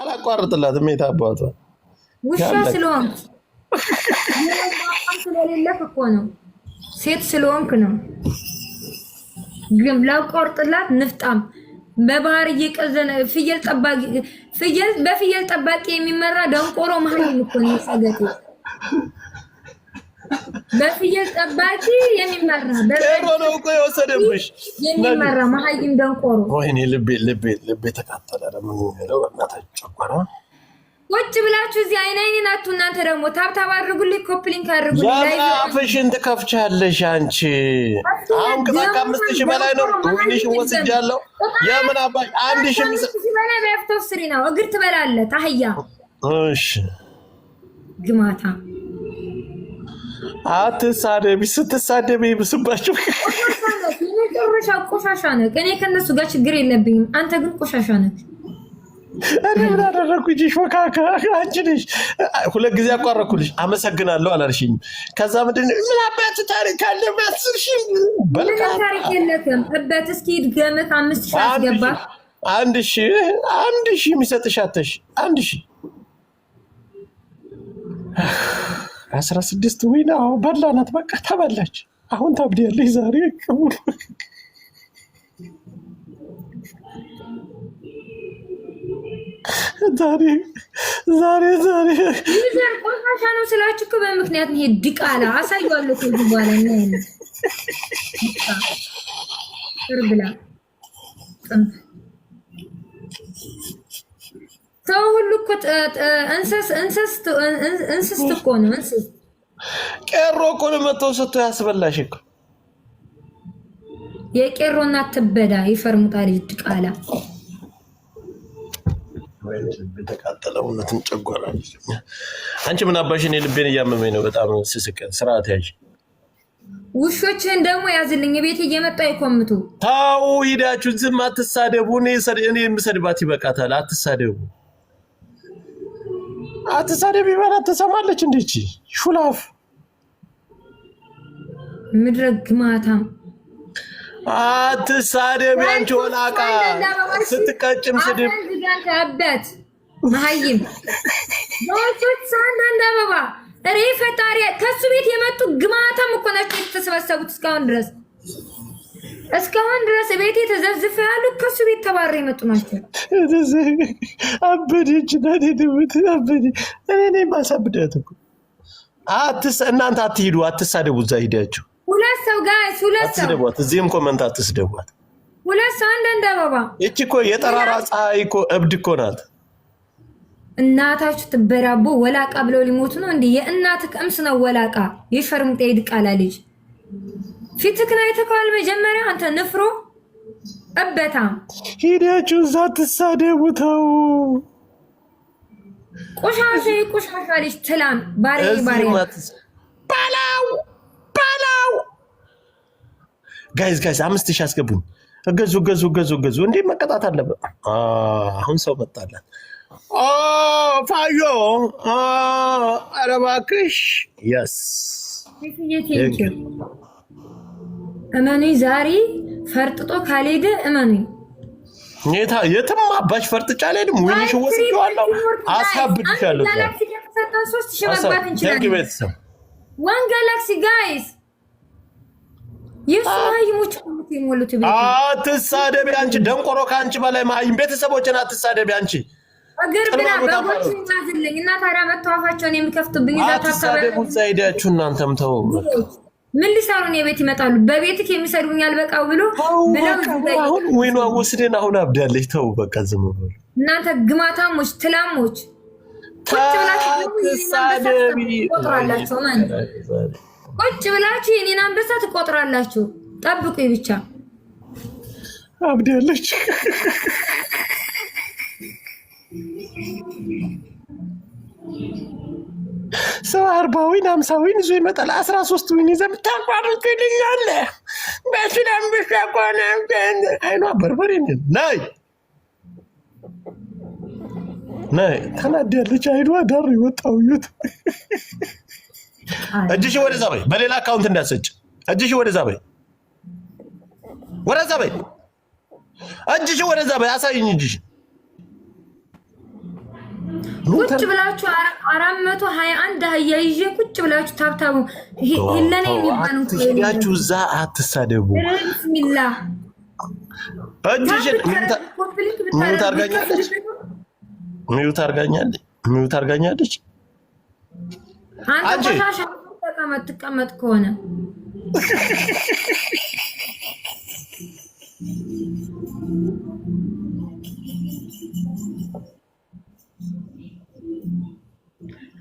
አላቋርጥላትም። የት አባቷ ውሻ ስለሆንክ ስለሌለህ እኮ ነው። ሴት ስለሆንክ ነው። ግን ላቋርጥላት ንፍጣም በባህር እየቀዘነ ፍየል ጠባቂ ፍየል በፍየል ጠባቂ የሚመራ ደንቆሮ መሀል እኮ ነው ሰገቴ በፍየል ጠባቂ የሚመራ ጥሩ ነው እኮ የወሰደብሽ የሚመራ መሀይም ደንቆሮ። ወይኔ ልቤ ልቤ ልቤ ተቃጠለ። ደግሞ ሄደው በእናታችሁ ጨጓራ ቁጭ ብላችሁ እዚህ አይን አይኔን አቱ እናንተ ደግሞ ታብታብ አድርጉልኝ፣ ኮፕሊንክ አድርጉልኝ። አፍሽን ትከፍቻለሽ አንቺ? አሁን ከአምስት ሺህ በላይ ነው ወይንሽ ወስጃለሁ። የምን አባሽ አንድ ሺህ በላይ በፍቶ ስሪ ነው እግር ትበላለህ ታህያ። እሺ ግማታ አትሳደቢ። ስትሳደቢ ይብስባቸው። የመጨረሻ ቆሻሻ ነህ። እኔ ከነሱ ጋር ችግር የለብኝም። አንተ ግን ቆሻሻ ነህ። እኔ ምን አደረግኩኝ? ሾካካ አንቺ ነሽ። ሁለት ጊዜ አቋረኩልሽ። አመሰግናለሁ አላልሽኝ። ከዛ ምንድን ነው ምን አባት ታሪክ አለ ማስሽ ታሪክ የለትም። እበት እስኪ ድገመት። አምስት ሺ አስገባ። አንድ ሺ አንድ ሺ የሚሰጥሽ አተሽ አንድ ሺ አስራ ስድስት ዊና አሁን በላናት፣ በቃ ተበላች። አሁን ታብዳለች ዛሬ ቅቡል ዛሬ ዛሬ ዛሬ ቆሻሻ ነው ስላችሁ እኮ በምክንያት ይሄ ድቃላ አሳያለሁ እኮ በኋላ ብላ ሰው ሁሉ እኮ እንስስት እኮ ነው። እንስስት ቄሮ እኮ ነው መጥቶ ሰጥቶ ያስበላሽ እኮ የቄሮ እናት ትበዳ። ይፈርሙጣል ቃላ የተቃጠለ እውነትን ጨጓራ። አንቺ ምን አባሽ እኔ ልቤን እያመመኝ ነው በጣም ስስቅ። ስርዓት ያዥ። ውሾችህን ደግሞ ያዝልኝ። ቤት እየመጣ ይኮምቱ። ታው ሂዳችሁ ዝም አትሳደቡ። እኔ የምሰድባት ይበቃታል። አትሳደቡ። አትሳደብ ይበላት ትሰማለች። እንዴች ሹላፍ ምድረ ግማታ አትሳደብ። ያንቺ ወላቃ ስትቀጭም ስድብ በት መሀይም ዎቾች ሳንዳንድ አበባ ሬ ፈጣሪ ከሱ ቤት የመጡ ግማታም እኮ ናቸው የተሰበሰቡት እስካሁን ድረስ እስካሁን ድረስ ቤቴ ተዘብዝፈ ያሉ ከሱ ቤት ተባረ የመጡ ናቸው። አበደች እኔ ማሳብዳት እኮ እናንተ አትሂዱ፣ አትሳደቡ። እዛ ሂዳችሁ ሁለት ሰው ጋይስ፣ ሁለት ሰው አትስደቧት። እዚህም ኮመንት አትስደቧት። ሁለት ሰው አንዳንድ አበባ። ይቺ እኮ የጠራራ ፀሐይ እኮ እብድ እኮ ናት። እናታችሁ ትበራቦ ወላቃ ብለው ሊሞቱ ነው። እንዲህ የእናት ቅምስ ነው ወላቃ የሸርምጤ ይድቃላ ልጅ ፊትክን አይተከዋል። መጀመሪያ አንተ ንፍሮ እበታ ሂዳችሁ እዛ ትሳደቡተው ቆሻሻ ቆሻሻ ልጅ ትላም ባሬ ባሬ ባላው ባላው ጋይዝ ጋይዝ አምስት ሺህ አስገቡኝ። እገዙ እገዙ እገዙ እገዙ። እንዴ መቀጣት አለበት። አሁን ሰው መጣላት ፋዮ አረ የስ እመኑኝ፣ ዛሬ ፈርጥጦ ካልሄደ እመኑኝ፣ የትም አባሽ ፈርጥጫ አልሄድም። ወይንሽ ወስዋለሁ፣ አሳብድሻለሁ። ሶስት ሺህ መግባት እንችላለን። ቤተሰብ ዋን ጋላክሲ ጋይስ አትሳደቢ አንቺ ደንቆሮ፣ ከአንቺ በላይ መሀይም። ቤተሰቦችን አትሳደቢ አንቺ። እግር ብላ በጎችን ይዛዝልኝ እና ታዲያ መተዋፋቸውን የሚከፍቱብኝ ዛ ታሳደቡ ሄዳችሁ እናንተም ተው ምን ሊሰሩ ነው? የቤት ይመጣሉ። በቤትክ የሚሰሩኝ አልበቃው ብሎ አሁን ወይኗ ወስደን አሁን አብዳለች። ተው በቃ ዝም ብሎ እናንተ ግማታሞች፣ ትላሞች ቁጭ ብላችሁ ቁጭ ብላችሁ የኔን አንበሳ ትቆጥራላችሁ። ጠብቁ ብቻ። አብዳለች። ሰው አርባዊን አምሳዊን ይዞ ይመጣል። አስራ ሶስት ሶስቱን ይዘ ታቋርጥልኛለህ። በስለም ብቻ ከሆነ አይኗ በርበሬ ናይ ናይ ተናዳለች። አይኗ ዳር የወጣው ዩት እጅሽ ወደዛ በይ። በሌላ አካውንት እንዳሰጭ እጅሽ ወደዛ በይ፣ ወደዛ በይ፣ እጅሽ ወደዛ በይ። አሳይኝ እጅሽ ቁጭ ብላችሁ አራት መቶ ሀያ አንድ አህያ ይዤ ቁጭ ብላችሁ ታብታቡ ሄለና የሚባሉት እዛ አትሳደቡ። ብስሚላ እጅሽን ሚዩት አርጋኛለች፣ ሚዩት አርጋኛለች፣ ሚዩት አርጋኛለች። አንተ ቆሻሻ ትቀመጥ ከሆነ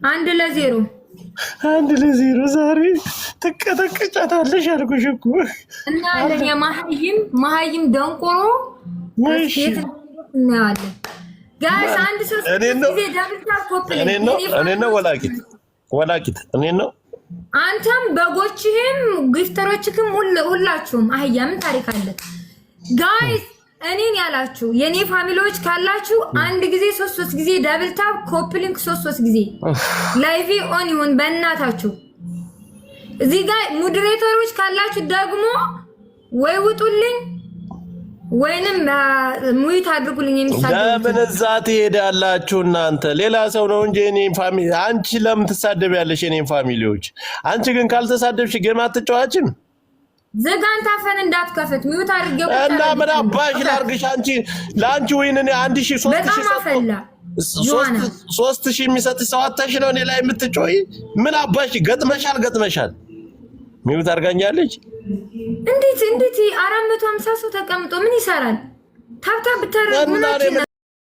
አንድ ለዜሮ አንድ ለዜሮ ዛሬ ትቀጠቅጫታለሽ አልኩሽ እኮ እና አለን የማሀይም ማሀይም ደንቆሮ እናያለን። ጋይስ አንድ ሶስት ጊዜ እኔ ነው ወላቂት ወላቂት እኔ ነው አንተም በጎችህም ጊፍተሮችህም ሁላችሁም አህያምን ታሪክ አለ ጋይስ እኔን ያላችሁ የእኔ ፋሚሊዎች ካላችሁ አንድ ጊዜ ሶስት ሶስት ጊዜ ደብል ታብ ኮፕሊንክ ሶስት ሶስት ጊዜ ላይቪ ኦን ይሁን በእናታችሁ። እዚህ ጋር ሙድሬተሮች ካላችሁ ደግሞ ወይ ውጡልኝ ወይንም ሙይት አድርጉልኝ። ለምን እዛ ትሄዳላችሁ እናንተ? ሌላ ሰው ነው እንጂ እኔን ፋሚሊ አንቺ ለምን ትሳደብ ያለሽ? የኔን ፋሚሊዎች አንቺ ግን ካልተሳደብሽ ጌም አትጫዋችም። ዘጋን ታፈን እንዳትከፍት ሚዩት አድርጌ እና ምን አባሽ ላርግሽ? አንቺ ለአንቺ ወይን እኔ አንድ ሺ ሶስት ሺ ሰጥቶ ሶስት ሺ የሚሰጥ ሰው አታሽ ነው እኔ ላይ የምትጮይ። ምን አባሽ ገጥመሻል፣ ገጥመሻል። ሚዩት አድርጋኛለች። እንዴት እንዴት አራት መቶ ሀምሳ ሰው ተቀምጦ ምን ይሰራል? ታብታ ብታረግ ምን